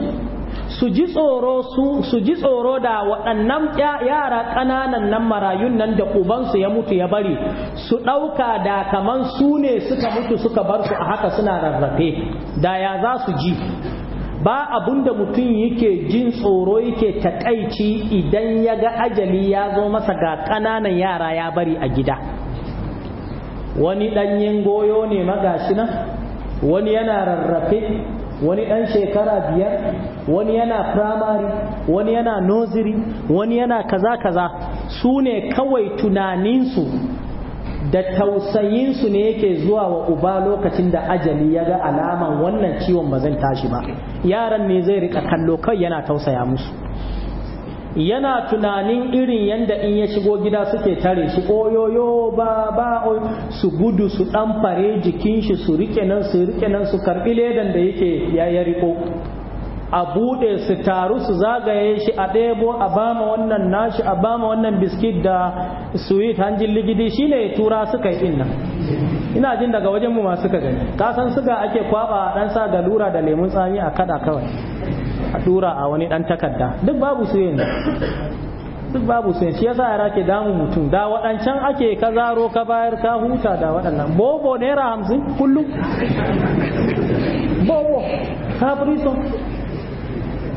su ji tsoro da waɗannan yara ƙananan nan marayun nan da ubansu ya mutu ya bari su ɗauka da kaman su ne suka mutu suka bar su a haka suna rarrafe da ya za su ji ba abun da mutum yake jin tsoro yake taƙaici idan ya ga ajali ya zo masa ga ƙananan yara ya bari a gida wani ɗanyen goyo ne magashi nan wani yana rarrafe wani ɗan shekara biyar wani yana firamare wani yana noziri wani yana kaza-kaza su ne kawai tunaninsu da tausayinsu ne yake zuwa wa uba lokacin da ajali ya ga alaman wannan ciwon ba zan tashi ba yaran ne zai rika kallo kai yana tausaya musu yana tunanin irin yadda in ya shigo gida suke tare shi oyoyo ba ba su gudu su dan fare jikin shi su rike nan su rike nan su karbi ledan da yake ya ya riko a bude su taru su zagaye shi a ɗebo a bama wannan nashi a bama wannan biskit da sweet hanjin ligidi shine tura suka yi inna ina jin daga wajen mu ma suka gani kasan suga ake kwaba a ɗan sa lura da lemun tsami a kada kawai a tura a wani ɗan takarda duk babu su yin duk babu su shi yasa yara ke damu mutum da waɗancan ake ka zaro ka bayar ka huta da waɗannan bobo naira hamsin kullum bobo ka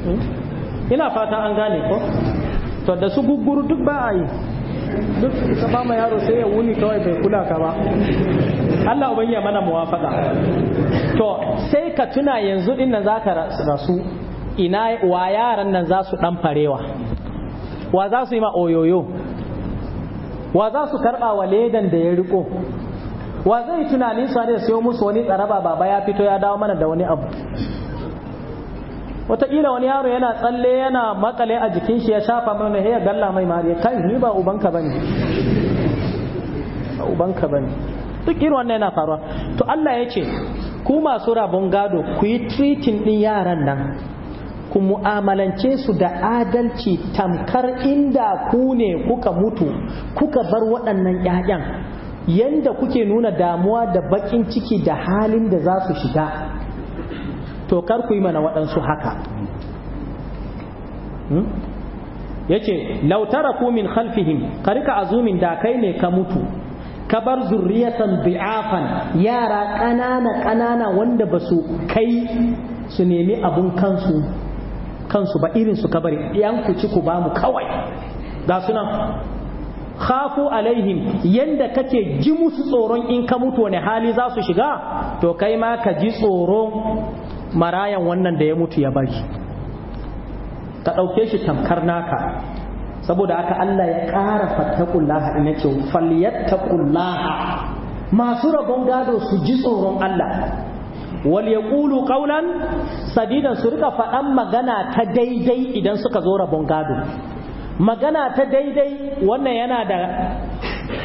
Hmm? ina fata an gane ko to da su gugguru duk ba a yi duk ka ba mai yaro sai ya wuni kawai bai kula ka ba Allah ya mana muwafaka to sai ka tuna yanzu din nan zaka rasu ina wa yaran nan za su dan farewa wa za su yi ma oyoyo wa za su karba wa ledan da ya riko wa zai tunanin su ne sayo musu wani tsaraba baba ya fito ya dawo mana da wani abu wataƙila wani yaro yana tsalle yana makale a jikin shi ya shafa mana ya galla mai mari kai ni ba ubanka bane ba ubanka bane duk irin wannan yana faruwa to Allah ya ce ku masu rabon gado ku yi treating ɗin yaran nan ku mu'amalance su da adalci tamkar inda ku ne kuka mutu kuka bar waɗannan 'ya'yan yanda kuke nuna damuwa da baƙin ciki da halin da za su shiga to kar ku yi mana waɗansu haka hmm? yace law taraku min khalfihim karika azumin da kai ne ka mutu ka bar zurriyatan bi'afan yara ƙanana ƙanana wanda ba su kai su nemi abun kansu kansu ba irin su kabari yan ku ci ku ba kawai ga suna khafu alaihim yanda kake ji musu tsoron in ka mutu wani hali za su shiga to kai ma ka ji tsoron marayan wannan da ya mutu ya bari ka ɗauke shi tamkar naka saboda aka Allah ya ƙara fattakullaha in yake falyattakullaha masu rabon gado su ji tsoron Allah wal yaqulu qawlan sadidan su rika faɗan magana ta daidai idan suka zo rabon gado magana ta daidai wannan yana da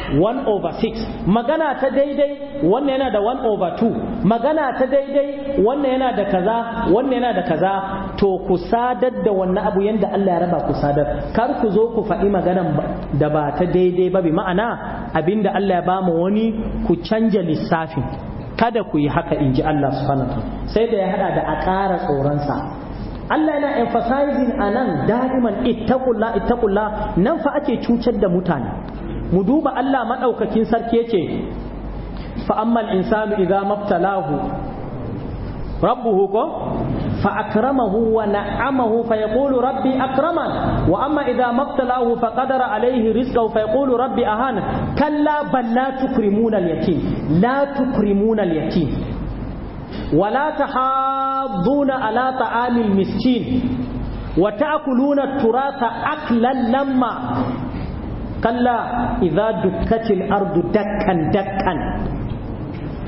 1 over 6 magana ta daidai wannan yana da 1 over 2 magana ta daidai wannan yana da kaza wannan yana da kaza to ku sadar da wannan abu yadda Allah ya raba ku sadar kar ku zo ku faɗi maganan da ba ta daidai ba bi ma'ana abinda Allah ya ba mu wani ku canja lissafin kada ku yi haka in ji Allah subhanahu sai da ya haɗa da a ƙara tsoronsa Allah yana emphasizing a nan dariman ittaqulla ittaqulla nan fa ake cutar da mutane mu duba Allah maɗaukakin sarki yace fa ammal insanu idza mabtalahu rabbuhu ko fa akramahu wa na'amahu fa yaqulu rabbi akraman wa amma idza mabtalahu fa qadara alayhi rizqahu fa yaqulu rabbi ahana kalla bal la tukrimuna al-yatim ولا تحاضون على طعام المسكين وتأكلون التراث أكلا لما كلا إذا دكت الأرض دكا دكا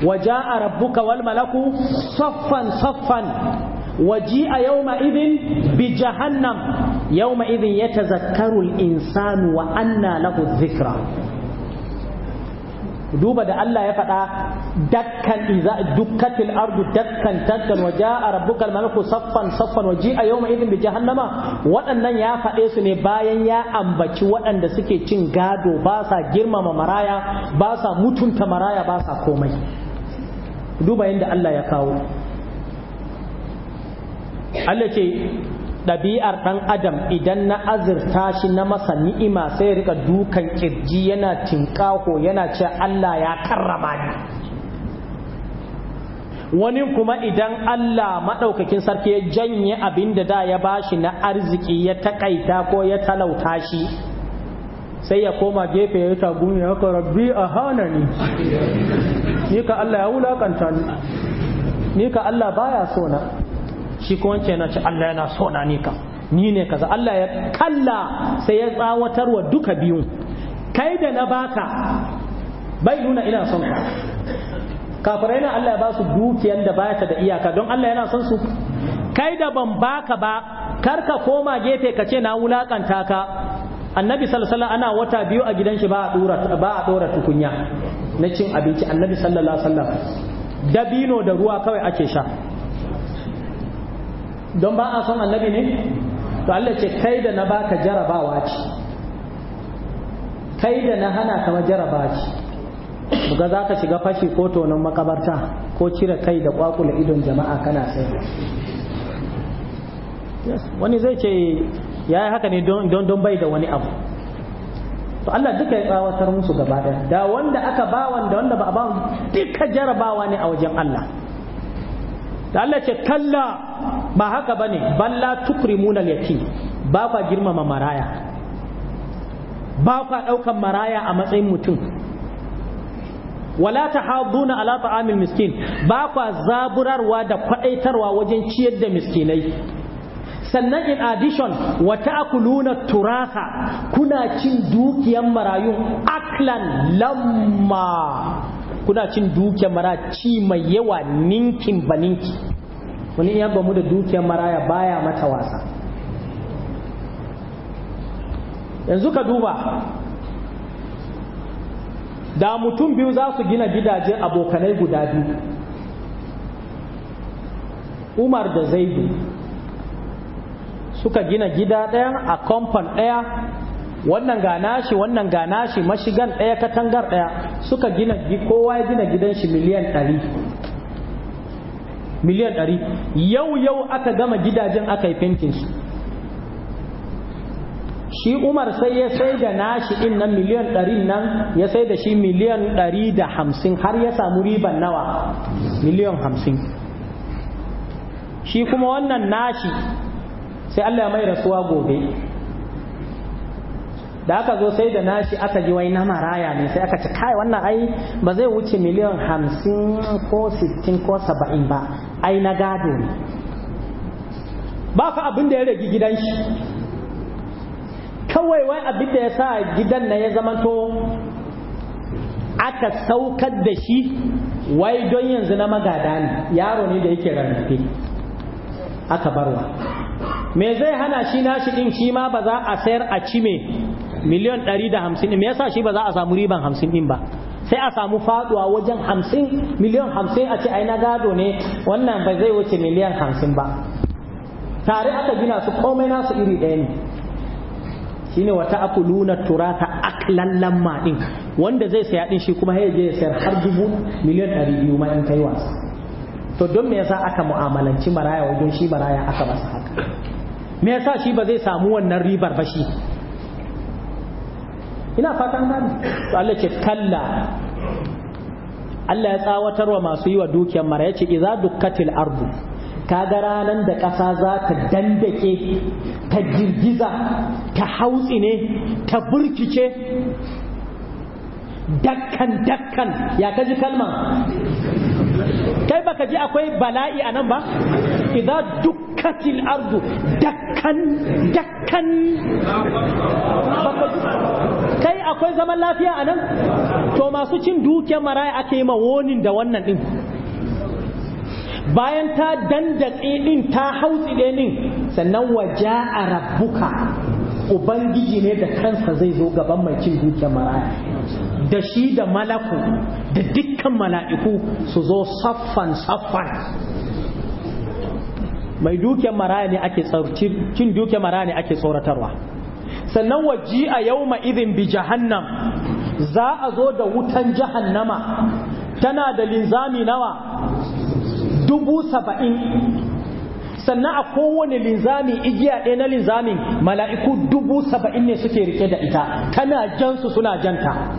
waje a وجاء ربك والملك صفا صفا وجيء يومئذ بجهنم يومئذ يتذكر الإنسان وأنى له الذكرى duba da Allah ya faɗa dakkan iza dukkatil ardu dakkan dakkan wa jaa rabbukal malaku saffan saffan wa jaa yawma idin bi jahannama waɗannan ya faɗe su ne bayan ya ambaci waɗanda suke cin gado ba sa girmama maraya ba sa mutunta maraya ba sa komai duba yadda Allah ya kawo Allah ce ɗabi'ar ɗan adam idan na azirta shi na masa ni'ima sai rika dukan ƙirji yana tinkaho yana ce Allah ya karrama ni wani kuma idan Allah maɗaukakin sarki ya janye abin da da ya bashi na arziki ya taƙaita ko ya talauta shi sai ya koma gefe ya yi tagumi haka rabbi a hana ni ni ka Allah ya wulakanta ni ni ka Allah baya so na shi kuma na ci Allah yana so na ni ka ni ne kaza Allah ya kalla sai ya tsawatarwa duka biyun kai da na baka bai nuna ina son ka kafirai na Allah ya ba su dukiyar da baya ta da iyaka don Allah yana son su kai da ban baka ba karka koma gefe ka ce na wulakanta ka annabi sallallahu ana wata biyu a gidan shi ba a dora ba a dora tukunya na cin abinci annabi sallallahu alaihi wasallam dabino da ruwa kawai ake sha don ba a son annabi ne to Allah ce kai da na baka jarabawa ce kai da na hana kama jarabawa ce ga za ka shiga fashi ko tonon makabarta ko cire kai da kwakula idon jama'a kana sai wani zai ce ya yi haka ne don don bai da wani abu to Allah duka ya tsawatar musu gaba da wanda aka ba wanda wanda ba a ba duka jarabawa ne a wajen Allah da Allah ce kalla ba haka bane balla tukrimuna yatim ba kwa girmama maraya ba kwa daukan maraya a matsayin mutum wala tahaduna ala ta'amil miskin ba kwa zaburarwa da kwadaitarwa wajen ciyar da miskinai sannan in addition wa ta'kuluna turasa kuna cin dukiyan marayun aklan lamma kuna cin dukiyan mara ci mai yawa ninkin baninki wani yan bamu da dukiyan maraya baya mata wasa yanzu ka duba da mutum biyu za su gina gidaje abokanai guda biyu umar da zaidu suka gina gida ɗaya a kamfan ɗaya wannan ga nashi wannan ga nashi mashigan ɗaya katangar ɗaya suka gina kowa ya gina gidan shi miliyan ɗari miliyan ɗari yau yau aka gama gidajen aka yi fentin su shi umar sai ya sai da nashi ɗin nan miliyan ɗari nan ya sai da shi miliyan ɗari da hamsin har ya samu riban nawa miliyan hamsin shi kuma wannan nashi sai Allah mai rasuwa gobe da aka zo sai da nashi aka ji wai na maraya ne sai aka ce kai wannan ai ba zai wuce miliyan hamsin ko sittin ko saba'in ba ai na gado ne ba fa abin da ya rage gidan shi kawai wai abin da ya sa gidan na ya zama to aka saukar da shi wai don yanzu na magada ne yaro ne da yake rarrafe aka barwa me zai hana shi nashi din shi ma ba za a sayar a ci me miliyan 150 me yasa shi ba za a samu riban 50 din ba sai a samu faduwa wajen 50 miliyan 50 a ce ai na gado ne wannan ba zai wuce miliyan 50 ba tare aka gina su komai nasu iri ɗaya ne shine wata akuluna turata aklan lamma din wanda zai saya din shi kuma ya je ya sayar har dubu miliyan 200 ma in kai wasa to don me yasa aka mu'amalanci maraya wajen shi maraya aka masa haka me yasa shi ba zai samu wannan ribar ba shi ina fatan gani to Allah kalla Allah ya tsawatarwa masu yi wa dukiyar mara ya ce iza dukkatil ardu kaga ranar da ƙasa za ta dandake ta girgiza ta ne ta burkice dakkan dakkan ya kaji kalma kai baka ji akwai bala'i a nan ba إذا دكت الأرض دكا دكا kai akwai zaman lafiya a nan to masu cin dukiyar maraya ake yi wonin da wannan din bayan ta dandatse din ta hautsi din sannan waje a rabbuka ubangiji ne da kansa zai zo gaban mai cin dukiyar maraya da shi da malaku da dukkan mala'iku su zo saffan saffan mai dukiyar maraya ne ake cin dukiyar maraya ne ake tsoratarwa sannan waji a yau irin bi jahannam za a zo da wutan jahannama tana da linzami nawa dubu saba'in sannan a kowane linzami igiya ɗaya na linzamin mala'iku dubu saba'in ne suke rike da ita tana jansu suna janta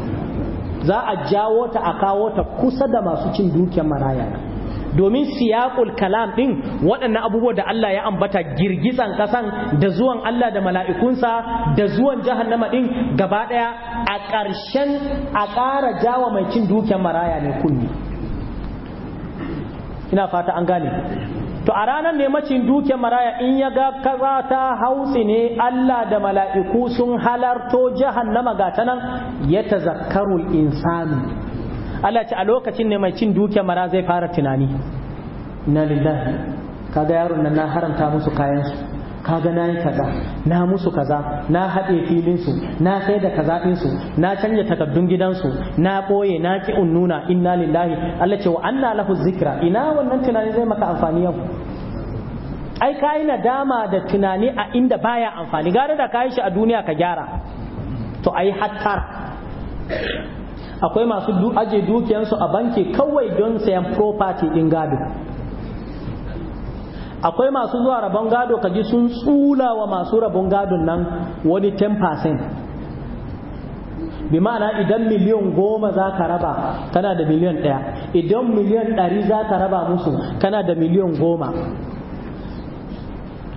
za a jawo ta a kawo ta kusa da masu cin dukiyar maraya domin siyaƙul kalam ɗin, waɗannan abubuwa da Allah ya ambata girgizan ƙasan, da zuwan Allah da mala'ikunsa da zuwan jahannama din gaba ɗaya a ƙarshen a ƙara jawa mai cin dukiyar maraya ne kunni ina fata an gane to a ranar ne macin duke maraya in ya ga kaza ta hausi ne Allah da mala'iku sun halarto jahannama ga ta nan ya insani Allah ce a lokacin ne mai cin dukiyar mara zai fara tunani na lillahi kaga yaron nan na haramta musu kayan su kaga na yi kaza na musu kaza na haɗe filinsu na sai da kaza su na canja gidan gidansu na ɓoye na ki unnuna inna lillahi Allah ce wa anna lahu zikra ina wannan tunani zai maka amfani yau ai ka yi nadama da tunani a inda baya amfani gara da ka yi shi a duniya ka gyara to ai hattar akwai masu aje dukiyansu a banki kawai don sayan property din gado akwai masu zuwa rabon gado kaji sun tsula wa masu rabon gadon nan wani 10% bi ma'ana idan miliyan goma za ka raba kana da miliyan ɗaya idan miliyan ɗari za ka raba musu kana da miliyan goma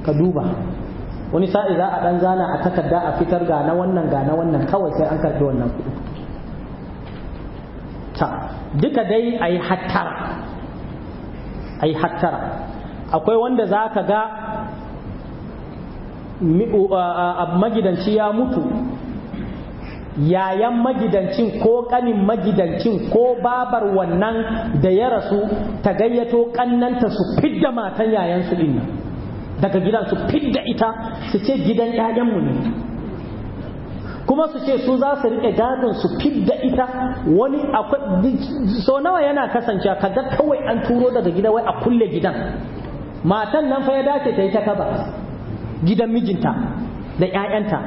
ka duba wani sa'i za a ɗan zana a takarda a fitar ga na wannan ga na wannan kawai sai an karɓi wannan kuɗi duka dai a yi hattara a yi hattara akwai wanda za ka ga magidanci ya mutu yayan magidancin ko kanin magidancin ko babar wannan da ya rasu ta gayyato kannanta su fidda matan yayansu dinna daga gidan su fidda ita su ce gidan 'ya'yanmu ne kuma su ce su za su riƙe gadon su fidda ita wani akwai so nawa yana kasancewa kada kawai an turo daga gida wai a kulle gidan matan nan fa ya dace ta yi ta kaba gidan mijinta da 'ya'yanta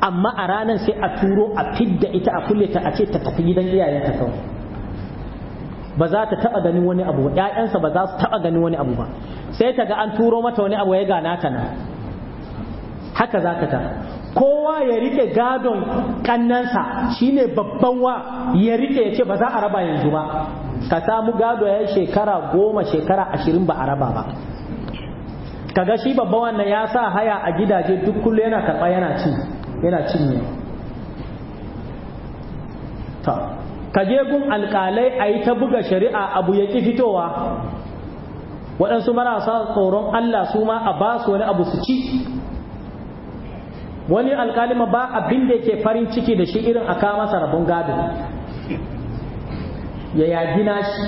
amma a ranar sai a turo a fidda ita a kulle ta a ce ta tafi gidan iyayenta kawai ba za ta taba ganin wani abu ba ƴaƴansa ba za su taba ganin wani abu ba sai ta ga an turo mata wani abu ya gana ta na haka za ka ta kowa ya rike gadon kannansa shine babban wa ya rike ya ce ba za a raba yanzu ba ka samu gado ya shekara goma shekara ashirin ba a raba ba kaga shi babban wannan ya sa haya a gidaje duk kullum yana karɓa yana cin yana ne ta kaje gun alƙalai a yi ta buga shari'a abu ya ƙi fitowa waɗansu marasa tsoron Allah su ma a ba su wani abu su ci wani alkalima ba abin da yake farin ciki da shi irin a kama rabon gado ya yagi shi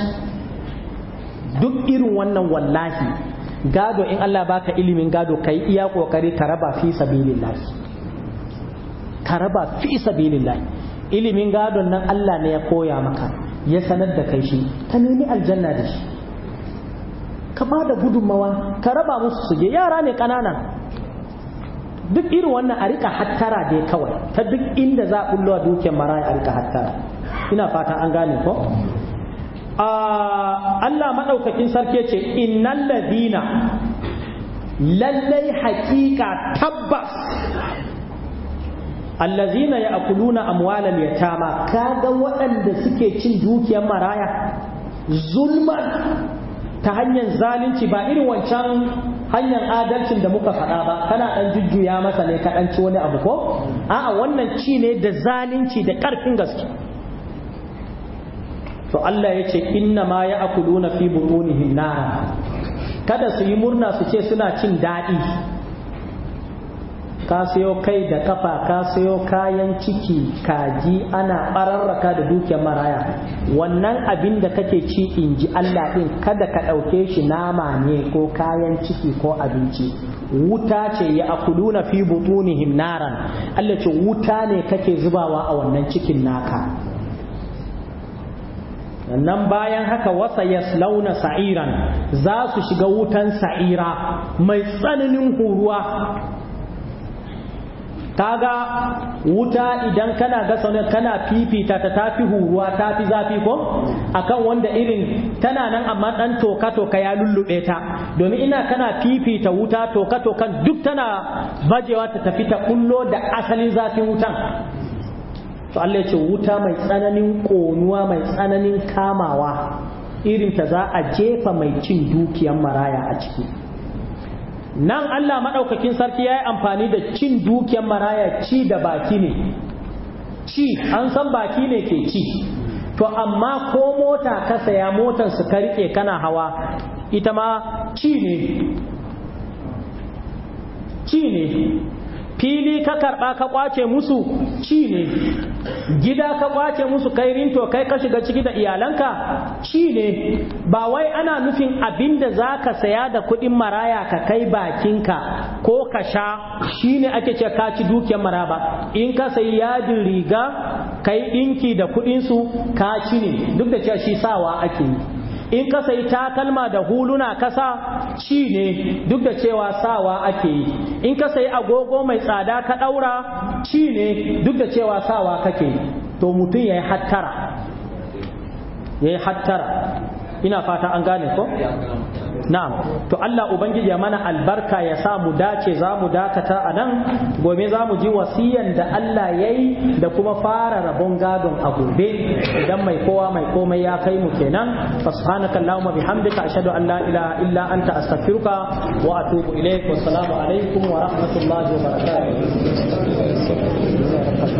duk irin wannan wallahi gado in Allah baka ilimin gado ka yi iya kokari ka raba fi sabilillahi ka raba fi sabilillahi ilimin gadon nan Allah ne ya koya maka ya sanar da kai shi ka nemi aljanna da shi ka ba gudunmawa ka raba musu su je yara ne ƙanana duk irin wannan a rika hattara dai kawai ta duk inda za a bullo dukiyar maraya a rika hattara ina fata an gane ko Allah maɗaukakin sarki ce innal ladina lallai haƙiƙa tabbas allazina ya akuluna amwalan yatama kaga waɗanda suke cin dukiyar maraya Zulma ta hanyar zalunci ba irin wancan hanyar adalcin da muka faɗa ba kana ɗan jujjuya masa ne ka ɗan ci wani abu ko a'a wannan ci ne da zalunci da ƙarfin gaske to Allah ya ce inna ma ya akuluna fi butunihim nara kada su yi murna su ce suna cin daɗi ka sayo kai da kafa ka sayo kayan ciki kaji ana bararraka da dukiyar maraya wannan abin da kake ci in ji Allah ɗin kada ka ɗauke shi nama ne ko kayan ciki ko abinci wuta ce ya akuluna fi butunihim naran Allah ce wuta ne kake zubawa a wannan cikin naka nan bayan haka wasa launa sa'iran za su shiga wutan sa'ira mai tsananin huruwa kaga wuta idan kana gasa ne kana fifita ta tafi huruwa tafi zafi ko akan wanda irin tana nan amma dan toka toka ya lullube ta domin ina kana fifita wuta toka tokan duk tana bajewa ta tafi ta kullo da asalin zafin wutan to Allah ya ce wuta mai tsananin konuwa mai tsananin kamawa irin ta za a jefa mai cin dukiyan maraya a ciki nan Allah maɗaukakin sarki ya yi amfani da cin dukiyar maraya ci da baki ne ci an san baki ne ke ci to amma ko mota ka saya motar su ka riƙe kana hawa ita ma ci ne ci ne fili ka karɓa ka ƙwace musu ci ne gida ka ƙwace musu kai rinto kai ka shiga ciki da iyalanka ci ne ba wai ana nufin abin da za ka saya da kuɗin maraya ka kai bakinka ko ka sha shi ne ake ce ka ci dukiyar mara ba in ka sayi yadin riga kai ɗinki da kuɗinsu ka ci ne duk da cewa shi sawa ake yi in ka sayi takalma da huluna kasa ci ne duk da cewa sawa ake yi in ka sayi agogo mai tsada ka daura ci ne duk da cewa sawa kake yi to mutum yayi hattara yayi hattara ina fata an gane ko na'am to Allah ubangiji ya mana albarka ya sa mu dace za mu dakata a nan gobe za mu ji wasiyan da Allah ya yi da kuma fara rabon gadon a gobe idan mai kowa mai komai ya kai mu kenan fa subhanaka allahumma bihamdika ashhadu an la ilaha illa anta astaghfiruka wa atubu ilaik wa assalamu alaikum wa rahmatullahi wa barakatuh